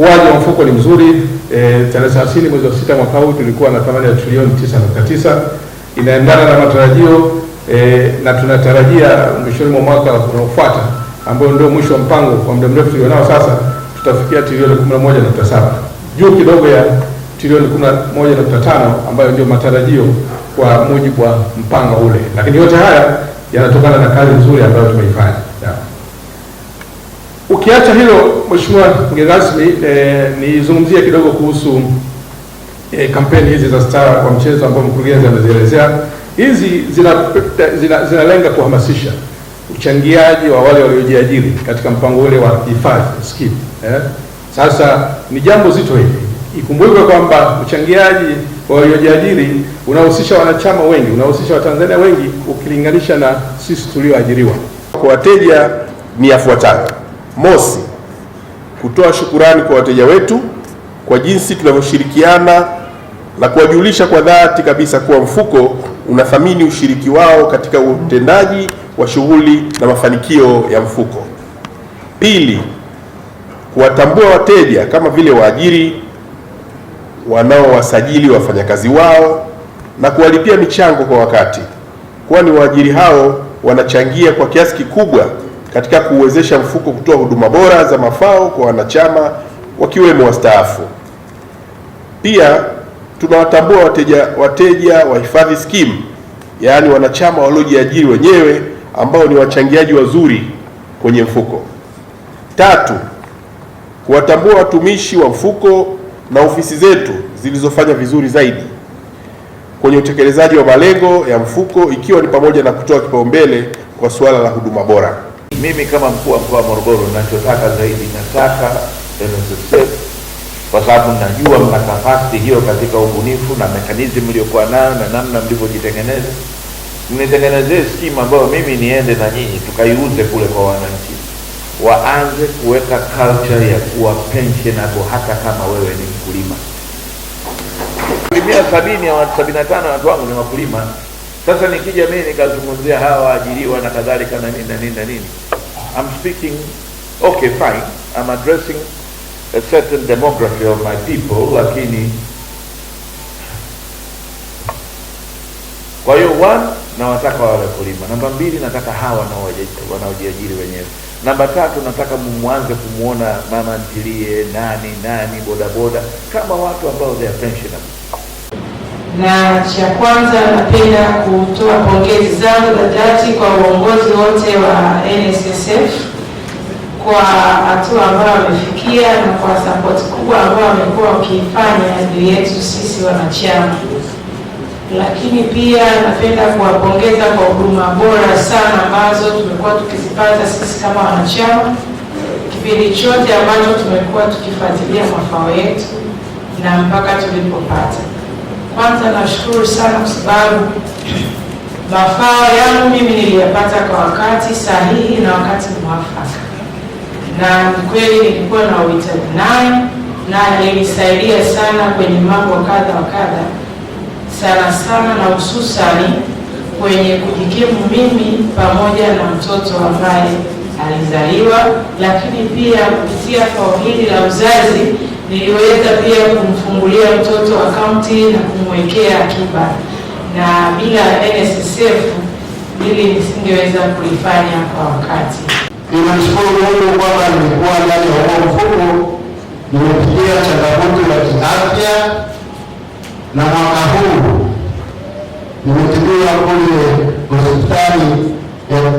Ukuaji wa mfuko ni mzuri e, tarehe 30 mwezi wa sita mwaka huu tulikuwa na thamani ya trilioni 9.9, inaendana na matarajio e, na tunatarajia mwishoni mwa mwaka unaofuata ambao ndio mwisho wa mpango kwa muda mrefu tulionao sasa, tutafikia trilioni 11.7, juu kidogo ya trilioni 11.5 ambayo ndio matarajio kwa mujibu wa mpango ule, lakini yote haya yanatokana na kazi nzuri ambayo tumeifanya. Ukiacha hilo Mheshimiwa mgeni rasmi eh, nizungumzie kidogo kuhusu eh, kampeni hizi za Star kwa mchezo ambao mkurugenzi amezielezea. Hizi zinalenga zina, zina kuhamasisha uchangiaji wa wale waliojiajiri katika mpango ule wa hifadhi scheme eh. Sasa ni jambo zito hili. Ikumbukwe kwamba uchangiaji wa waliojiajiri unahusisha wanachama wengi, unahusisha Watanzania wengi ukilinganisha na sisi tulioajiriwa. Kwa wateja ni yafuatayo: Mosi, kutoa shukurani kwa wateja wetu kwa jinsi tunavyoshirikiana na kuwajulisha kwa dhati kabisa kuwa mfuko unathamini ushiriki wao katika utendaji wa shughuli na mafanikio ya mfuko. Pili, kuwatambua wateja kama vile waajiri wanaowasajili wafanyakazi wao na kuwalipia michango kwa wakati, kwani waajiri hao wanachangia kwa kiasi kikubwa katika kuwezesha mfuko kutoa huduma bora za mafao kwa wanachama wakiwemo wastaafu. Pia tunawatambua wateja wateja wa hifadhi skimu, yaani wanachama waliojiajiri wenyewe ambao ni wachangiaji wazuri kwenye mfuko. Tatu, kuwatambua watumishi wa mfuko na ofisi zetu zilizofanya vizuri zaidi kwenye utekelezaji wa malengo ya mfuko ikiwa ni pamoja na kutoa kipaumbele kwa suala la huduma bora. Mimi kama mkuu wa mkoa wa Morogoro, ninachotaka zaidi, nataka NSSF kwa sababu najua mna kapasiti hiyo katika ubunifu na mekanizmu mliokuwa nayo na namna mlivyojitengeneza, mnitengenezee skimu ambayo mimi niende na nyinyi tukaiuze kule kwa wananchi, waanze kuweka culture ya kuwa pensionable hata kama wewe ni mkulima. Asilimia sabini ya sabini na tano ya watu wangu ni wakulima. Sasa nikija mimi nikazungumzia hawa waajiriwa na kadhalika na nini na nini na nini, I'm speaking okay fine, I'm addressing a certain demography of my people, lakini kwa hiyo one, nawataka wawe wakulima. Namba mbili, nataka hawa wanaojiajiri wenyewe. Namba tatu, nataka mwanze kumwona mama ntilie nani nani bodaboda kama watu ambao they are pensionable na cha kwanza napenda kutoa pongezi zangu za dhati kwa uongozi wote wa NSSF kwa hatua ambayo wamefikia na kwa sapoti kubwa ambayo wamekuwa wakiifanya juu yetu sisi wanachama, lakini pia napenda kuwapongeza kwa huduma bora sana ambazo tumekuwa tukizipata sisi kama wanachama kipindi chote ambacho tumekuwa tukifuatilia mafao yetu na mpaka tulipopata kwanza nashukuru sana kwa sababu mafao yangu mimi niliyapata kwa wakati sahihi na wakati mwafaka, na kweli nilikuwa na uhitaji naye na ilisaidia sana kwenye mambo kadha wa kadha, sana sana na hususani kwenye kujikimu mimi pamoja na mtoto ambaye alizaliwa, lakini pia kupitia fao hili la uzazi niliweza pia kumfungulia mtoto akaunti na kumwekea akiba, na bila NSSF ili nisingeweza kulifanya kwa wakati. Ninamshukuru Mungu kwamba nilikuwa ndani ya huo mfuko, nimepitia changamoto ya kiafya na mwaka huu nimetibiwa kule hospitali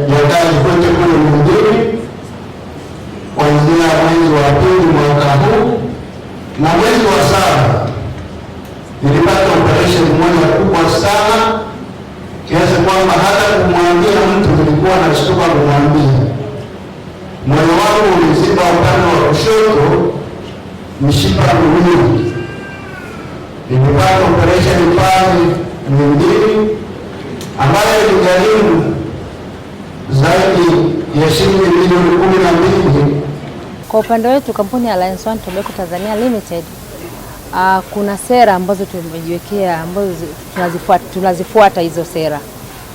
ya Taji nilikuwa na sukuma kumwambia, moyo wangu uliziba upande wa kushoto, mshipa miwili, nilipata operesheni pande nyingine ambayo iligharimu zaidi ya shilingi milioni kumi na mbili. Kwa upande wetu kampuni ya Alliance One Tobacco Tanzania Limited uh, kuna sera ambazo tumejiwekea ambazo tunazifuata, tunazifuata hizo sera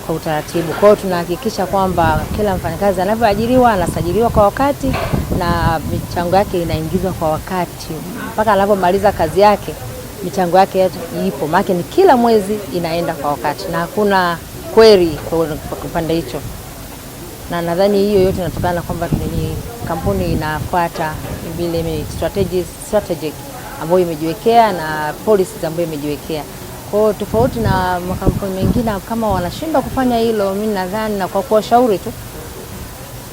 kwa utaratibu. Kwa hiyo tunahakikisha kwamba kila mfanyakazi anavyoajiriwa anasajiliwa kwa wakati na michango yake inaingizwa kwa wakati mpaka anapomaliza kazi yake, michango yake ipo, maana ni kila mwezi inaenda kwa wakati na hakuna kweli kwa kipande hicho, na nadhani hiyo yote inatokana kwamba ni kampuni inafuata vile strategies strategic ambayo imejiwekea na policies ambayo imejiwekea. Kwa hiyo tofauti na makampuni mengine, kama wanashindwa kufanya hilo, mimi nadhani na kwa kuwashauri tu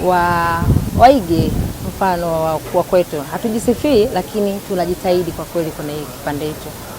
wa waige mfano wa kwetu. Hatujisifii, lakini tunajitahidi kwa kweli kwenye kipande hicho.